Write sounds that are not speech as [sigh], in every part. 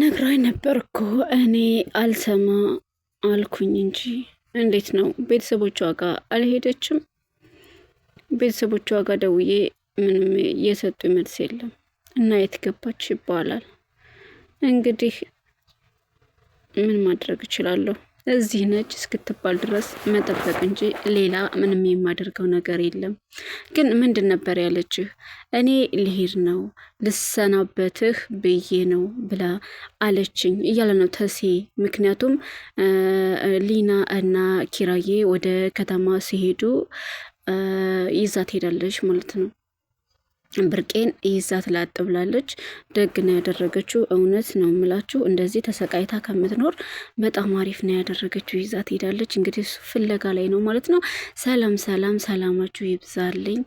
ነግራኝ ነበር እኮ እኔ አልሰማ አልኩኝ እንጂ እንዴት ነው ቤተሰቦቿ ጋር አልሄደችም? ቤተሰቦቿ ጋር ደውዬ ምንም የሰጡ መልስ የለም እና የት ገባች ይባላል። እንግዲህ ምን ማድረግ እችላለሁ? እዚህ ነች እስክትባል ድረስ መጠበቅ እንጂ ሌላ ምንም የማደርገው ነገር የለም። ግን ምንድን ነበር ያለችህ? እኔ ልሄድ ነው ልሰናበትህ ብዬ ነው ብላ አለችኝ እያለ ነው ተሴ። ምክንያቱም ሊና እና ኪራዬ ወደ ከተማ ሲሄዱ ይዛት ሄዳለች ማለት ነው። ብርቄን ይዛት ላጥ ብላለች። ደግ ነው ያደረገችው። እውነት ነው የምላችሁ፣ እንደዚህ ተሰቃይታ ከምትኖር በጣም አሪፍ ነው ያደረገችው። ይዛት ሄዳለች። እንግዲህ ፍለጋ ላይ ነው ማለት ነው። ሰላም ሰላም፣ ሰላማችሁ ይብዛልኝ።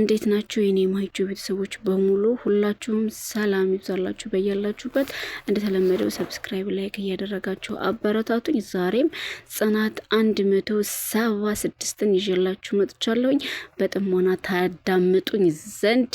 እንዴት ናችሁ የኔ ማይቹ ቤተሰቦች በሙሉ? ሁላችሁም ሰላም ይብዛላችሁ በያላችሁበት። እንደተለመደው ሰብስክራይብ፣ ላይክ እያደረጋችሁ አበረታቱኝ። ዛሬም ጽናት አንድ መቶ ሰባ ስድስትን ይዤላችሁ መጥቻለሁኝ። በጥሞና ታዳምጡኝ ዘንድ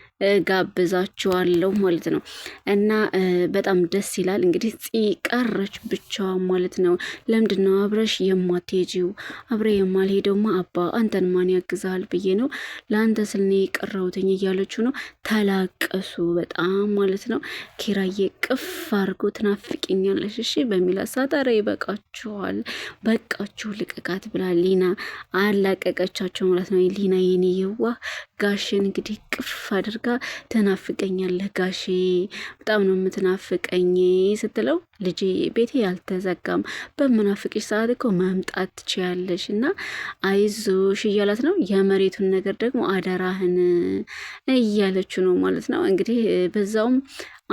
ጋብዛችኋለሁ ማለት ነው። እና በጣም ደስ ይላል። እንግዲህ ፂ ቀረች ብቻዋን ማለት ነው። ለምንድን ነው አብረሽ የማትሄጂው? አብረ የማልሄደውማ አባ አንተን ማን ያግዛል ብዬ ነው ለአንተ ስል እኔ የቀረሁትኝ እያለችው ነው። ተላቀሱ በጣም ማለት ነው። ኪራዬ ቅፍ አድርጎ ትናፍቅኛለሽ እሺ በሚል አሳጠረ ይበቃችኋል፣ በቃችሁ ልቀቃት ብላ ሊና አላቀቀቻቸው ማለት ነው። ሊና የኔ የዋ ጋሽን እንግዲህ ቅፍ አድርጋ ትናፍቀኛለህ ጋሼ በጣም ነው የምትናፍቀኝ ስትለው ልጄ ቤቴ ያልተዘጋም በምናፍቅሽ ሰዓት እኮ መምጣት ትችያለሽ እና አይዞሽ እያላት ነው። የመሬቱን ነገር ደግሞ አደራህን እያለችው ነው ማለት ነው። እንግዲህ በዛውም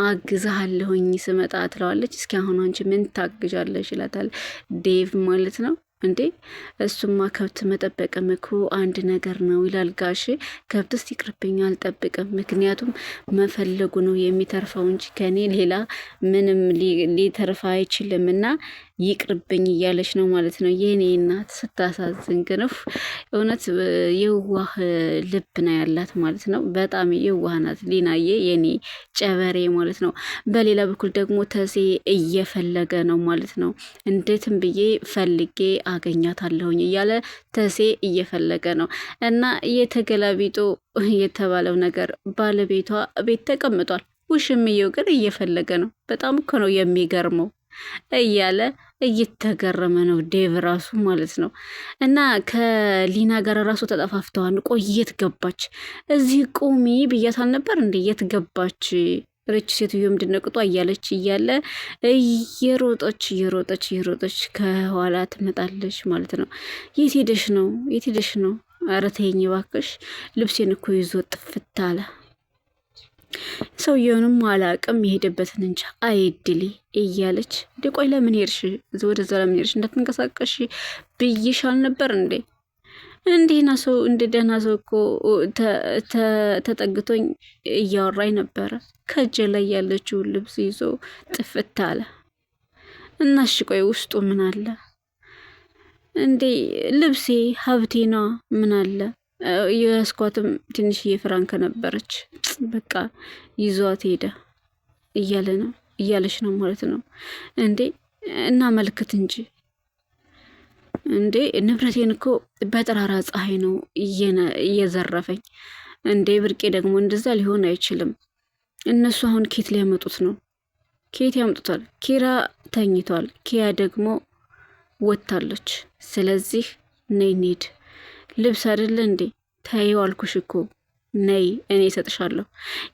አግዝሃለሁኝ ስመጣ ትለዋለች። እስኪ አሁን አንቺ ምን ታግዣለሽ ይላታል ዴቭ ማለት ነው። እንዴ እሱማ ከብት መጠበቅም እኮ አንድ ነገር ነው ይላል ጋሼ። ከብትስ ይቅርብኝ አልጠብቅም፣ ምክንያቱም መፈለጉ ነው የሚተርፈው እንጂ ከኔ ሌላ ምንም ሊተርፍ አይችልም እና ይቅርብኝ እያለች ነው ማለት ነው። የኔ እናት ስታሳዝን ግን እውነት የዋህ ልብ ና ያላት ማለት ነው። በጣም የዋህ ናት ሊናዬ የኔ ጨበሬ ማለት ነው። በሌላ በኩል ደግሞ ተሴ እየፈለገ ነው ማለት ነው። እንዴትም ብዬ ፈልጌ አገኛታለሁኝ እያለ ተሴ እየፈለገ ነው እና የተገላቢጦ የተባለው ነገር ባለቤቷ ቤት ተቀምጧል። ውሽምየው ግን እየፈለገ ነው። በጣም እኮ ነው የሚገርመው። እያለ እየተገረመ ነው ዴቭ ራሱ ማለት ነው። እና ከሊና ጋር ራሱ ተጠፋፍተዋል። ቆይ የት ገባች? እዚህ ቁሚ ብያት አልነበር እንዴ? የት ገባች? ረች ሴትዮ ምንድን ነው ቅጧ? እያለች እያለ እየሮጠች እየሮጠች እየሮጠች ከኋላ ትመጣለች ማለት ነው። የት ሄደሽ ነው? የት ሄደሽ ነው? ኧረ ተይኝ እባክሽ ልብሴን እኮ ይዞ ጥፍት አለ። ሰውየውንም አላቅም የሄደበትን እንጂ አይድሌ እያለች ቆይ ለምን ሄድሽ? ወደዛ ለምን ሄድሽ? እንዳትንቀሳቀሽ ብይሻል አልነበር እንዴ? እንዲህና ሰው እንደ ደህና ሰው እኮ ተጠግቶኝ እያወራኝ ነበረ። ከእጄ ላይ ያለችውን ልብስ ይዞ ጥፍት አለ እናሽ ቆይ ውስጡ ምን አለ እንዴ? ልብሴ ሀብቴ ነዋ ምን አለ የስኳትም ትንሽዬ ፍራንክ ነበረች። በቃ ይዟት ሄደ እያለ ነው እያለች ነው ማለት ነው እንዴ። መልክት እንጂ እንዴ ንብረቴን እኮ በጠራራ ፀሐይ ነው እየዘረፈኝ። እንዴ ብርቄ ደግሞ እንደዛ ሊሆን አይችልም። እነሱ አሁን ኬት ሊያመጡት ነው? ኬት ያምጡታል? ኪራ ተኝቷል። ኪያ ደግሞ ወጥታለች። ስለዚህ ነይ እንሂድ። ልብስ አይደለ እንዴ? ተይው አልኩሽ እኮ ነይ እኔ እሰጥሻለሁ።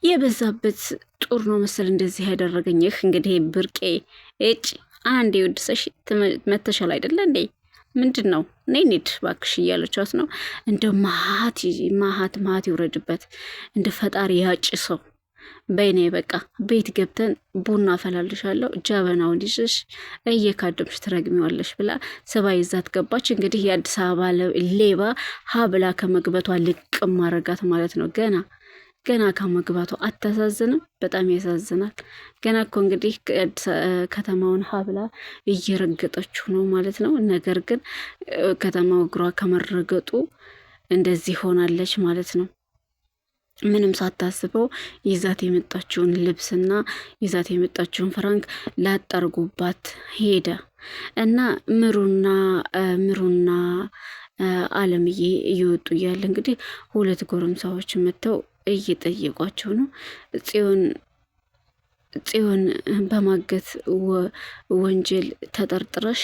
የበዛበት ጡር ነው መሰል እንደዚህ ይህ እንግዲህ ብርቄ እጭ አንድ የወድሰሽ መተሻል አይደለ እንዴ? ምንድን ነው ነይ እንሂድ እባክሽ እያለቻት ነው። እንደ ማሀት ማሀት ማሀት ይውረድበት እንደ ፈጣሪ ያጭ ሰው በይኔ በቃ ቤት ገብተን ቡና አፈላልሻለሁ ጀበናውን ይዘሽ እየካደምሽ ትረግሚዋለሽ ብላ ስባ ይዛት ገባች። እንግዲህ የአዲስ አበባ ሌባ ሀብላ ከመግበቷ ልቅ ማረጋት ማለት ነው። ገና ገና ከመግባቷ አታሳዝንም? በጣም ያሳዝናል። ገና እኮ እንግዲህ ከተማውን ሀብላ እየረገጠችው ነው ማለት ነው። ነገር ግን ከተማው እግሯ ከመረገጡ እንደዚህ ሆናለች ማለት ነው። ምንም ሳታስበው ይዛት የመጣችውን ልብስና ይዛት የመጣችውን ፍራንክ ላጠርጉባት ሄደ እና ምሩና ምሩና አለምዬ እየወጡ እያለ እንግዲህ ሁለት ጎረምሳዎች መጥተው እየጠየቋቸው ነው። ጽዮን ጽዮን በማገት ወንጀል ተጠርጥረሽ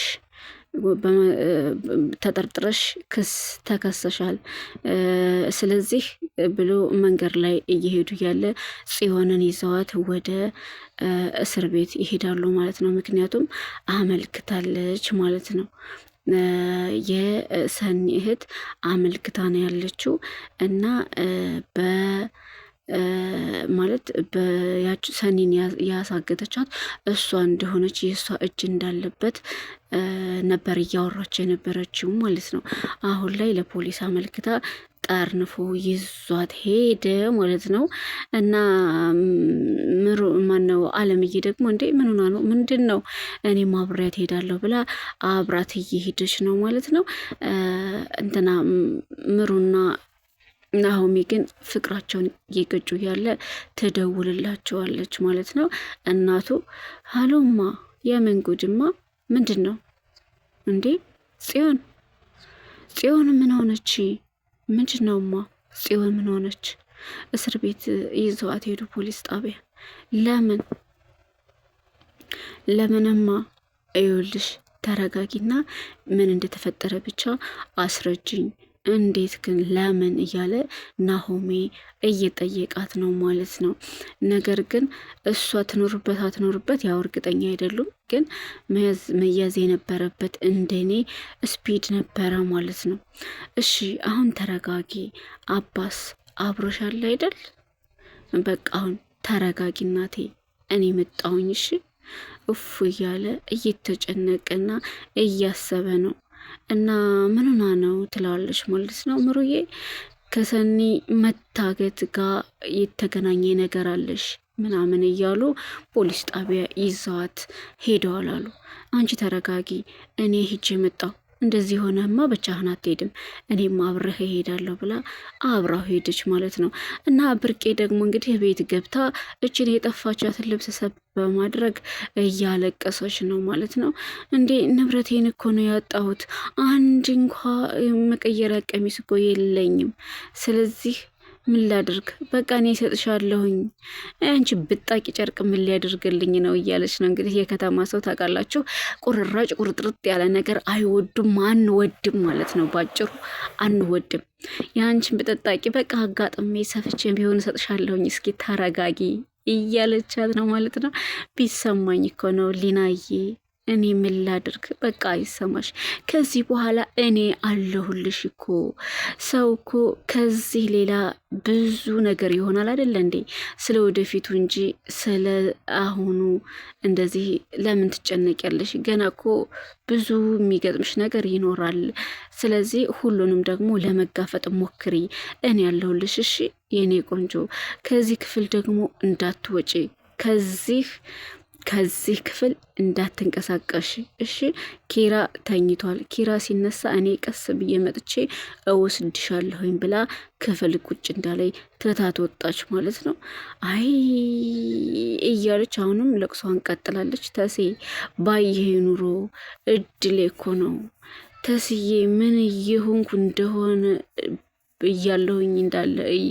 ተጠርጥረሽ ክስ ተከሰሻል፣ ስለዚህ ብሎ መንገድ ላይ እየሄዱ ያለ ጽዮንን ይዘዋት ወደ እስር ቤት ይሄዳሉ ማለት ነው። ምክንያቱም አመልክታለች ማለት ነው። የሰኒ እህት አመልክታ ነው ያለችው እና በ ማለት በያች ሰኒን ያሳገተቻት እሷ እንደሆነች የእሷ እጅ እንዳለበት ነበር እያወራች የነበረችው ማለት ነው። አሁን ላይ ለፖሊስ አመልክታ ጠርንፎ ይዟት ሄደ ማለት ነው። እና ምሩ ማነው አለምዬ ደግሞ እንዴ ምን ሆና ነው ምንድን ነው እኔ ማብሪያት ሄዳለሁ ብላ አብራት እየሄደች ነው ማለት ነው። እንትና ምሩና ናሆሚ ግን ፍቅራቸውን እየገጩ ያለ ትደውልላቸዋለች ማለት ነው። እናቱ ሀሎማ የመንጉድማ ምንድን ነው እንዴ? ጽዮን ጽዮን ምን ሆነች? ምንድን ነውማ ጽዮን ምን ሆነች? እስር ቤት ይዘዋት ሄዱ ፖሊስ ጣቢያ። ለምን ለምንማ? እዩልሽ ተረጋጊና ምን እንደተፈጠረ ብቻ አስረጅኝ እንዴት ግን ለምን እያለ ናሆሜ እየጠየቃት ነው ማለት ነው። ነገር ግን እሷ ትኖርበት አትኖርበት ያው እርግጠኛ አይደሉም። ግን መያዝ የነበረበት እንደኔ ስፒድ ነበረ ማለት ነው። እሺ አሁን ተረጋጊ። አባስ አብሮሻል አይደል? በቃ አሁን ተረጋጊ እናቴ፣ እኔ መጣሁኝ። እሺ እፉ እያለ እየተጨነቀና እያሰበ ነው እና ምንና ነው ትላለች ማለት ነው ምሩዬ። ከሰኒ መታገት ጋር የተገናኘ ነገር አለሽ ምናምን እያሉ ፖሊስ ጣቢያ ይዘዋት ሄደዋል አሉ። አንቺ ተረጋጊ፣ እኔ ሂጅ መጣሁ እንደዚህ ሆነህማ ብቻህን አትሄድም፣ እኔም አብረህ እሄዳለሁ ብላ አብራው ሄደች ማለት ነው። እና ብርቄ ደግሞ እንግዲህ ቤት ገብታ እችን የጠፋቻትን ልብስ ሰብ በማድረግ እያለቀሰች ነው ማለት ነው። እንዴ ንብረቴን እኮ ነው ያጣሁት፣ አንድ እንኳ መቀየሪያ ቀሚስ እኮ የለኝም፣ ስለዚህ ምን ላድርግ? በቃ እኔ እሰጥሻለሁኝ አንቺ ብጣቂ ጨርቅ ምን ሊያደርግልኝ ነው እያለች ነው እንግዲህ። የከተማ ሰው ታውቃላችሁ፣ ቁርራጭ ቁርጥርጥ ያለ ነገር አይወዱም፣ አንወድም ማለት ነው ባጭሩ፣ አንወድም። የአንቺን ብጠጣቂ በቃ አጋጥሜ ሰፍቼ ቢሆን እሰጥሻለሁኝ፣ እስኪ ተረጋጊ እያለቻት ነው ማለት ነው። ቢሰማኝ እኮ ነው ሊናዬ እኔ ምን ላድርግ? በቃ ይሰማሽ፣ ከዚህ በኋላ እኔ አለሁልሽ እኮ። ሰው እኮ ከዚህ ሌላ ብዙ ነገር ይሆናል አይደለ እንዴ? ስለ ወደፊቱ እንጂ ስለ አሁኑ እንደዚህ ለምን ትጨነቂያለሽ? ገና እኮ ብዙ የሚገጥምሽ ነገር ይኖራል። ስለዚህ ሁሉንም ደግሞ ለመጋፈጥ ሞክሪ። እኔ አለሁልሽ። እሺ የኔ ቆንጆ፣ ከዚህ ክፍል ደግሞ እንዳትወጪ ከዚህ ከዚህ ክፍል እንዳትንቀሳቀሽ እሺ። ኪራ ተኝቷል። ኪራ ሲነሳ እኔ ቀስ ብዬ መጥቼ እወስድሻለሁኝ ብላ ክፍል ቁጭ እንዳላይ ትታት ወጣች ማለት ነው። አይ እያለች አሁንም ለቅሷን ቀጥላለች። ተሴ ባየሄ ኑሮ እድሌ እኮ ነው ተስዬ ምን እየሆንኩ እንደሆነ እያለሁኝ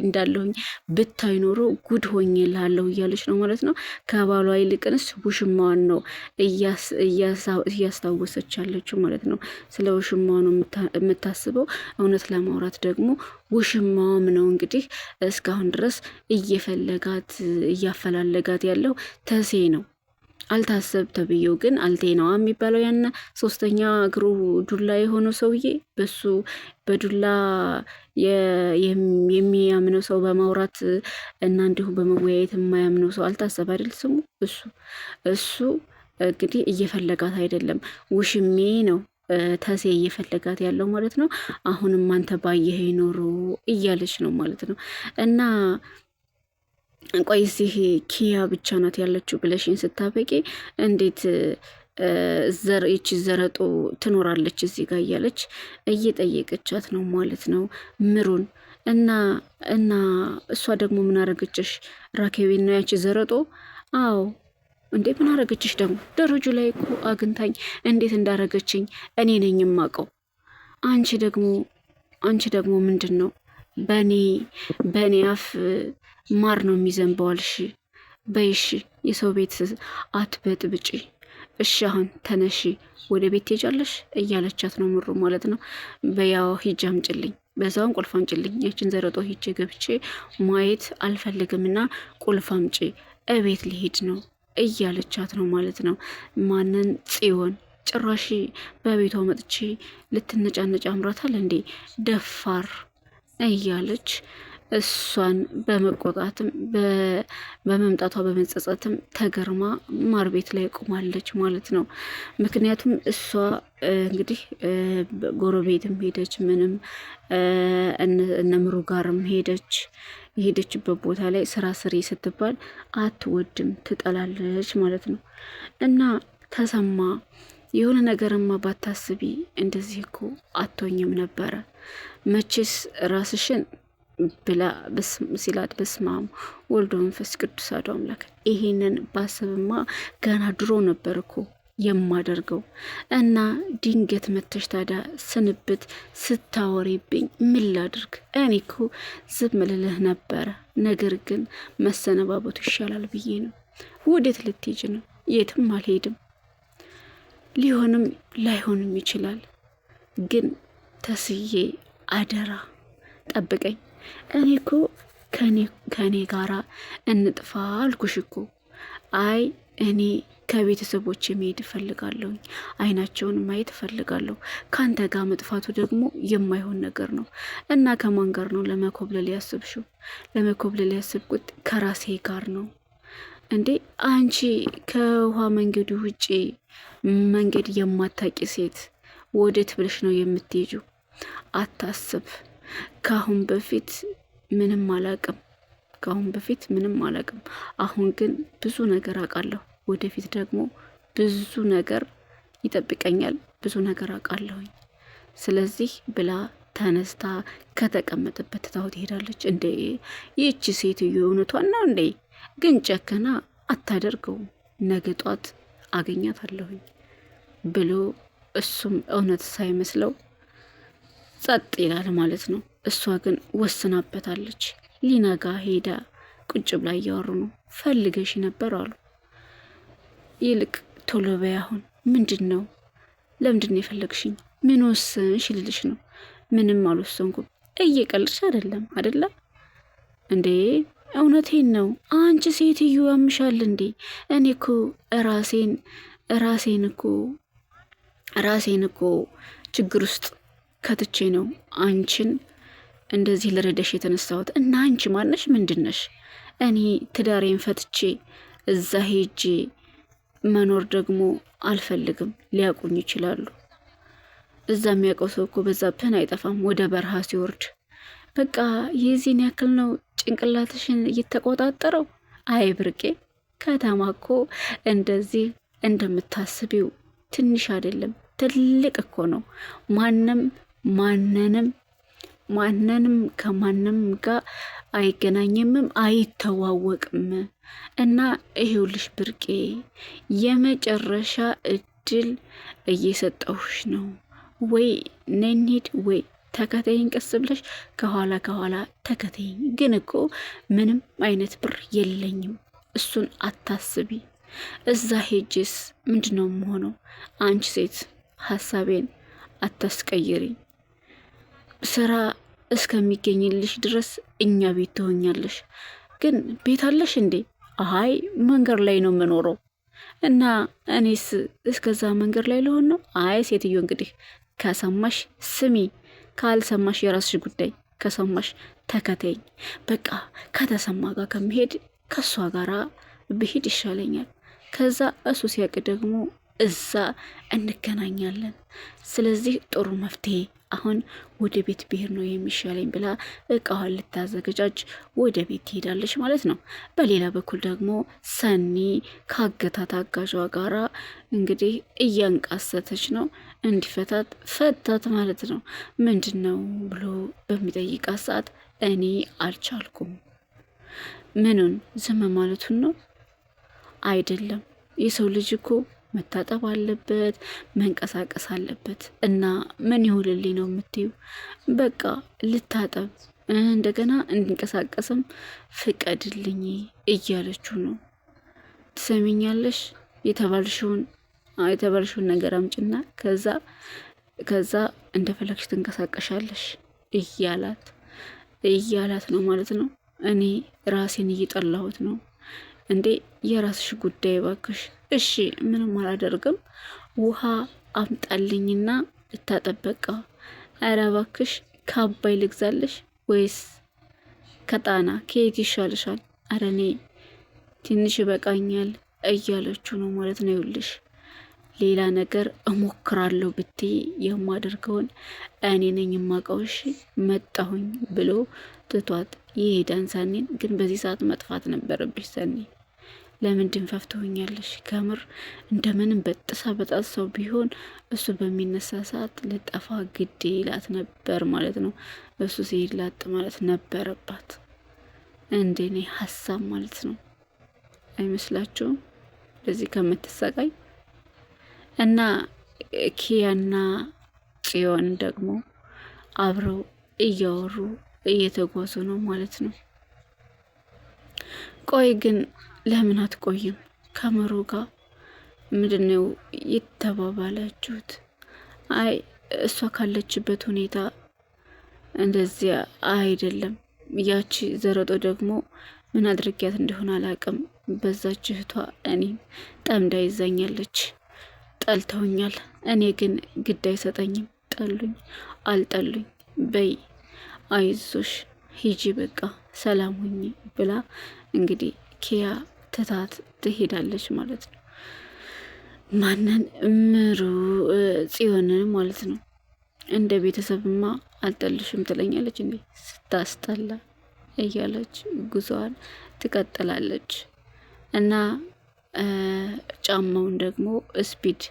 እንዳለሁኝ ብታይ ኖሮ ጉድ ሆኜ ላለሁ እያለች ነው ማለት ነው። ከባሏ ይልቅንስ ውሽማዋን ነው እያስታወሰች ያለችው ማለት ነው። ስለ ውሽማዋ ነው የምታስበው። እውነት ለማውራት ደግሞ ውሽማዋም ነው እንግዲህ እስካሁን ድረስ እየፈለጋት እያፈላለጋት ያለው ተሴ ነው። አልታሰብ ተብዬው ግን አልቴናዋ የሚባለው ያነ ሶስተኛ እግሩ ዱላ የሆነው ሰውዬ በሱ በዱላ የሚያምነው ሰው በማውራት እና እንዲሁ በመወያየት የማያምነው ሰው አልታሰብ አይደል ስሙ። እሱ እሱ እንግዲህ እየፈለጋት አይደለም፣ ውሽሜ ነው ተሴ እየፈለጋት ያለው ማለት ነው። አሁንም አንተ ባየህ ይኖሩ እያለች ነው ማለት ነው እና ቆይ እዚህ ኪያ ብቻ ናት ያለችው ብለሽን ስታበቂ እንዴት ዘር ይቺ ዘረጦ ትኖራለች እዚህ ጋር እያለች እየጠየቀቻት ነው ማለት ነው ምሩን እና እና እሷ ደግሞ ምን አረገችሽ ራኬቤ ነው ያቺ ዘረጦ አዎ እንዴ ምን አረገችሽ ደግሞ ደረጁ ላይ እኮ አግኝታኝ እንዴት እንዳረገችኝ እኔ ነኝ የማውቀው አንቺ ደግሞ አንቺ ደግሞ ምንድን ነው በእኔ በእኔ አፍ ማር ነው የሚዘንበዋል። እሺ በይሽ፣ የሰው ቤት አትበጥብጪ። እሺ አሁን ተነሺ፣ ወደ ቤት ትሄጃለሽ እያለቻት ነው ምሩ ማለት ነው። በያው ሂጅ አምጪልኝ፣ በዛውን ቁልፍ አምጪልኝ፣ ያችን ዘረጦ ሂጄ ገብቼ ማየት አልፈልግም እና ቁልፍ አምጪ፣ እቤት ሊሄድ ነው እያለቻት ነው ማለት ነው። ማንን ጽዮን ጭራሽ በቤቷ መጥቼ ልትነጫነጫ አምራታል እንዴ ደፋር እያለች እሷን በመቆጣትም በመምጣቷ በመጸጸትም ተገርማ ማር ቤት ላይ ቆማለች ማለት ነው። ምክንያቱም እሷ እንግዲህ ጎረቤትም ሄደች፣ ምንም እነምሩ ጋርም ሄደች። የሄደችበት ቦታ ላይ ስራ ስሪ ስትባል አትወድም፣ ትጠላለች ማለት ነው እና ተሰማ የሆነ ነገርማ ባታስቢ እንደዚህ እኮ አቶኝም ነበረ መቼስ ራስሽን ብላ ሲላት በስማም ወልዶ መንፈስ ቅዱስ አዶ አምላክ። ይሄንን ባስብማ ገና ድሮ ነበር እኮ የማደርገው እና ድንገት መተሽ ታዲያ ስንብት ስታወሪብኝ ምን ላድርግ? እኔ እኮ ዝም ልልህ ነበረ፣ ነገር ግን መሰነባበቱ ይሻላል ብዬ ነው። ወዴት ልትሄጂ ነው? የትም አልሄድም። ሊሆንም ላይሆንም ይችላል፣ ግን ተስዬ አደራ ጠብቀኝ እኔ እኮ ከእኔ ጋራ እንጥፋ አልኩሽ እኮ። አይ እኔ ከቤተሰቦች መሄድ እፈልጋለሁኝ። አይናቸውን ማየት እፈልጋለሁ። ከአንተ ጋር መጥፋቱ ደግሞ የማይሆን ነገር ነው እና ከማን ጋር ነው ለመኮብለል ያስብሽው? ለመኮብለል ያስብኩት ከራሴ ጋር ነው። እንዴ አንቺ ከውሃ መንገዱ ውጪ መንገድ የማታቂ ሴት ወዴት ብለሽ ነው የምትሄጂው? አታስብ ከአሁን በፊት ምንም አላቅም። ከአሁን በፊት ምንም አላቅም። አሁን ግን ብዙ ነገር አውቃለሁ። ወደፊት ደግሞ ብዙ ነገር ይጠብቀኛል። ብዙ ነገር አውቃለሁኝ። ስለዚህ ብላ ተነስታ ከተቀመጠበት ትታው ትሄዳለች። እንዴ ይህቺ ሴትዮ እውነቷን ነው እንዴ? ግን ጨከና አታደርገውም። ነገ ጧት አገኛታለሁኝ ብሎ እሱም እውነት ሳይመስለው ጸጥ ይላል ማለት ነው። እሷ ግን ወስናበታለች። ሊነጋ ሄዳ ቁጭ ብላ እያወሩ ነው። ፈልገሽ ነበር አሉ። ይልቅ ቶሎ በይ አሁን ምንድን ነው? ለምንድን ነው የፈለግሽኝ? ምን ወሰንሽ ልልሽ ነው። ምንም አልወሰንኩም። እየቀልድሽ አይደለም አደለ እንዴ? እውነቴን ነው። አንቺ ሴትዮ ያምሻል እንዴ? እኔ እኮ ራሴን ራሴን እኮ ራሴን እኮ ችግር ውስጥ ከትቼ ነው አንቺን እንደዚህ ልረዳሽ የተነሳሁት እና አንቺ ማነሽ? ምንድነሽ? እኔ ትዳሬን ፈትቼ እዛ ሄጄ መኖር ደግሞ አልፈልግም። ሊያቁኝ ይችላሉ። እዛ የሚያውቀው ሰው እኮ በዛብህን አይጠፋም። ወደ በረሃ ሲወርድ በቃ የዚህን ያክል ነው ጭንቅላትሽን እየተቆጣጠረው። አይ ብርቄ፣ ከተማ እኮ እንደዚህ እንደምታስቢው ትንሽ አይደለም፣ ትልቅ እኮ ነው። ማንም ማንንም ማንንም ከማንም ጋር አይገናኝምም አይተዋወቅም። እና ይሄውልሽ ብርቄ የመጨረሻ እድል እየሰጠሁሽ ነው። ወይ ነኒድ ወይ ተከተይኝ፣ ቀስ ብለሽ ከኋላ ከኋላ ተከተይኝ። ግን እኮ ምንም አይነት ብር የለኝም። እሱን አታስቢ። እዛ ሄጅስ ምንድን ነው የምሆነው? አንቺ ሴት ሀሳቤን አታስቀይሪኝ። ስራ እስከሚገኝልሽ ድረስ እኛ ቤት ትሆኛለሽ። ግን ቤት አለሽ እንዴ? አይ መንገድ ላይ ነው የምኖረው። እና እኔስ እስከዛ መንገድ ላይ ልሆን ነው? አይ ሴትዮ እንግዲህ ከሰማሽ ስሚ፣ ካልሰማሽ የራስሽ ጉዳይ። ከሰማሽ ተከተኝ በቃ ከተሰማ ጋር ከመሄድ ከእሷ ጋር ብሄድ ይሻለኛል። ከዛ እሱ ሲያውቅ ደግሞ እዛ እንገናኛለን። ስለዚህ ጥሩ መፍትሄ አሁን ወደ ቤት ብሄር ነው የሚሻለኝ ብላ እቃዋን ልታዘገጃጅ ወደ ቤት ትሄዳለች ማለት ነው። በሌላ በኩል ደግሞ ሰኒ ካገታት አጋዧ ጋራ እንግዲህ እያንቃሰተች ነው እንዲፈታት ፈታት ማለት ነው። ምንድን ነው ብሎ በሚጠይቃት ሰዓት እኔ አልቻልኩም። ምኑን ዝም ማለቱን ነው አይደለም የሰው ልጅ እኮ መታጠብ አለበት፣ መንቀሳቀስ አለበት። እና ምን ይሁንልኝ ነው የምትዩ? በቃ ልታጠብ እንደገና እንዲንቀሳቀስም ፍቀድልኝ እያለችው ነው። ትሰሚኛለሽ የተባልሽውን የተባልሽውን ነገር አምጭና ከዛ ከዛ እንደፈለግሽ ትንቀሳቀሻለሽ እያላት እያላት ነው ማለት ነው። እኔ ራሴን እየጠላሁት ነው። እንዴ የራስሽ ጉዳይ ባክሽ። እሺ ምንም አላደርግም። ውሃ አምጣልኝና እታጠበቃ ኧረ ባክሽ ከአባይ ልግዛልሽ ወይስ ከጣና ከየት ይሻልሻል? ኧረ እኔ ትንሽ ይበቃኛል እያለችው ነው ማለት ነው። ይውልሽ ሌላ ነገር እሞክራለሁ ብትይ የማደርገውን እኔ ነኝ የማውቀው። መጣሁኝ ብሎ ትቷት ይሄዳን። ሰኔን ግን በዚህ ሰዓት መጥፋት ነበረብሽ ሰኔ ለምንድን ድንፋፍ ከምር እንደምንም በጥሳ በጣት ሰው ቢሆን እሱ በሚነሳ ሰዓት ልጠፋ ግዴ ይላት ነበር ማለት ነው። እሱ ሲሄድ ላጥ ማለት ነበረባት እንደኔ ሀሳብ ማለት ነው። አይመስላችሁም? ለዚህ ከምትሰቃይ እና ኪያና ጽዮን ደግሞ አብረው እያወሩ እየተጓዙ ነው ማለት ነው። ቆይ ግን ለምን አትቆይም ከመሮ ጋር ምንድነው የተባባላችሁት? አይ እሷ ካለችበት ሁኔታ እንደዚያ አይደለም። ያቺ ዘረጦ ደግሞ ምን አድርጊያት እንደሆነ አላቅም በዛች እህቷ እኔም ጠምዳ ይዛኛለች። ጠልተውኛል። እኔ ግን ግድ አይሰጠኝም። ጠሉኝ አልጠሉኝ፣ በይ አይዞሽ ሂጂ፣ በቃ ሰላም ሁኚ ብላ እንግዲህ ኪያ ትታት ትሄዳለች ማለት ነው። ማንን ምሩ ጽዮንን ማለት ነው። እንደ ቤተሰብማ አልጠልሽም ትለኛለች እንዴ ስታስጠላ እያለች ጉዞዋን ትቀጥላለች እና ጫማውን ደግሞ ስፒድ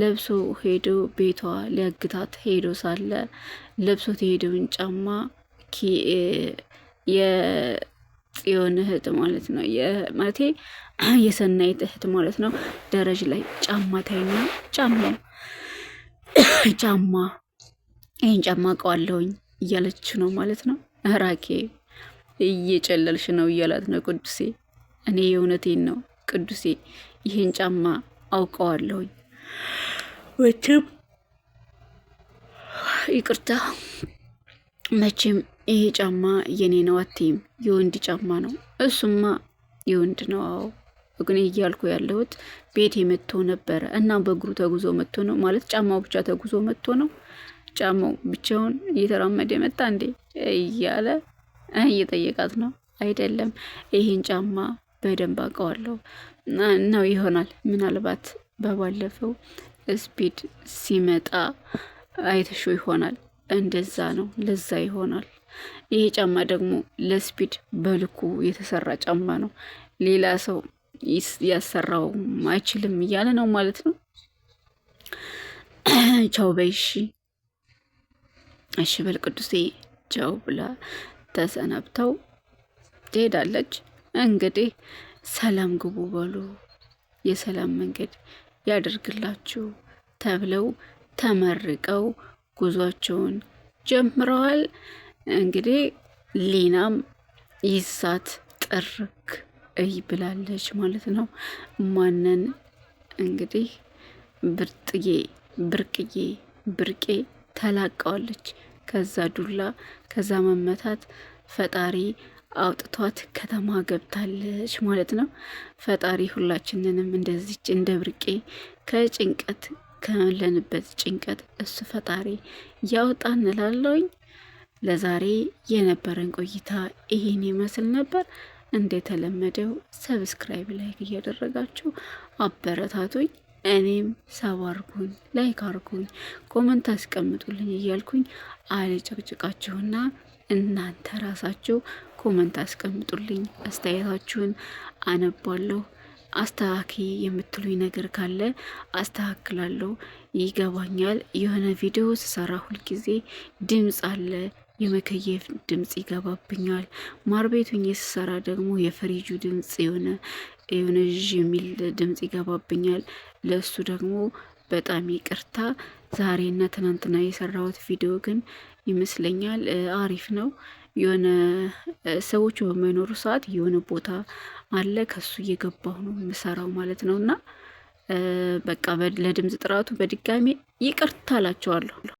ለብሶ ሄዶ ቤቷ ሊያግታት ሄዶ ሳለ ለብሶት የሄደውን ጫማ የሆነ እህት ማለት ነው ማለቴ የሰናይት እህት ማለት ነው። ደረጅ ላይ ጫማ ታይና ጫማ ጫማ ይህን ጫማ እቃዋለሁኝ እያለች ነው ማለት ነው። ራኬ እየጨለልሽ ነው እያላት ነው ቅዱሴ። እኔ የእውነቴን ነው ቅዱሴ፣ ይህን ጫማ አውቀዋለሁኝ መቼም ይቅርታ መቼም ይሄ ጫማ የኔ ነው አትይም፣ የወንድ ጫማ ነው። እሱማ የወንድ ነው። አዎ ግን እያልኩ ያለሁት ቤቴ መጥቶ ነበረ እና በእግሩ ተጉዞ መጥቶ ነው ማለት ጫማው ብቻ ተጉዞ መጥቶ ነው። ጫማው ብቻውን እየተራመደ የመጣ እንዴ እያለ እየጠየቃት ነው። አይደለም ይሄን ጫማ በደንብ አውቀዋለሁ ነው ይሆናል። ምናልባት በባለፈው ስፒድ ሲመጣ አይተሾ ይሆናል። እንደዛ ነው፣ ለዛ ይሆናል። ይሄ ጫማ ደግሞ ለስፒድ በልኩ የተሰራ ጫማ ነው። ሌላ ሰው ያሰራው አይችልም እያለ ነው ማለት ነው። [clears throat] ቻው በይ እሺ፣ እሺ በል ቅዱሴ ቻው ብላ ተሰናብተው ትሄዳለች። እንግዲህ ሰላም ግቡ በሉ የሰላም መንገድ ያደርግላችሁ ተብለው ተመርቀው ጉዟቸውን ጀምረዋል። እንግዲህ ሊናም ይሳት ጥርክ እይ ብላለች ማለት ነው። ማንን እንግዲህ ብርጥዬ ብርቅዬ ብርቄ ተላቀዋለች። ከዛ ዱላ ከዛ መመታት ፈጣሪ አውጥቷት ከተማ ገብታለች ማለት ነው። ፈጣሪ ሁላችንንም እንደዚች እንደ ብርቄ ከጭንቀት ከለንበት ጭንቀት እሱ ፈጣሪ ያውጣን እንላለውኝ። ለዛሬ የነበረን ቆይታ ይህን ይመስል ነበር። እንደተለመደው ሰብስክራይብ፣ ላይክ እያደረጋችሁ አበረታቱኝ። እኔም ሰብ አርጉኝ፣ ላይክ አርጉኝ፣ ኮመንት አስቀምጡልኝ እያልኩኝ አልጨቅጭቃችሁና እናንተ ራሳችሁ ኮመንት አስቀምጡልኝ። አስተያየታችሁን አነባለሁ። አስተካኪ የምትሉኝ ነገር ካለ አስተካክላለሁ። ይገባኛል። የሆነ ቪዲዮ ስሰራ ሁልጊዜ ድምፅ አለ የመከየፍ ድምፅ ይገባብኛል። ማር ቤቱኝ ስሰራ ደግሞ የፍሪጁ ድምፅ የሆነ የሆነ ዥ የሚል ድምፅ ይገባብኛል። ለእሱ ደግሞ በጣም ይቅርታ። ዛሬና ትናንትና የሰራሁት ቪዲዮ ግን ይመስለኛል አሪፍ ነው። የሆነ ሰዎቹ በማይኖሩ ሰዓት የሆነ ቦታ አለ ከሱ እየገባሁ ነው የምሰራው ማለት ነው እና በቃ ለድምፅ ጥራቱ በድጋሚ ይቅርታ አላቸዋለሁ።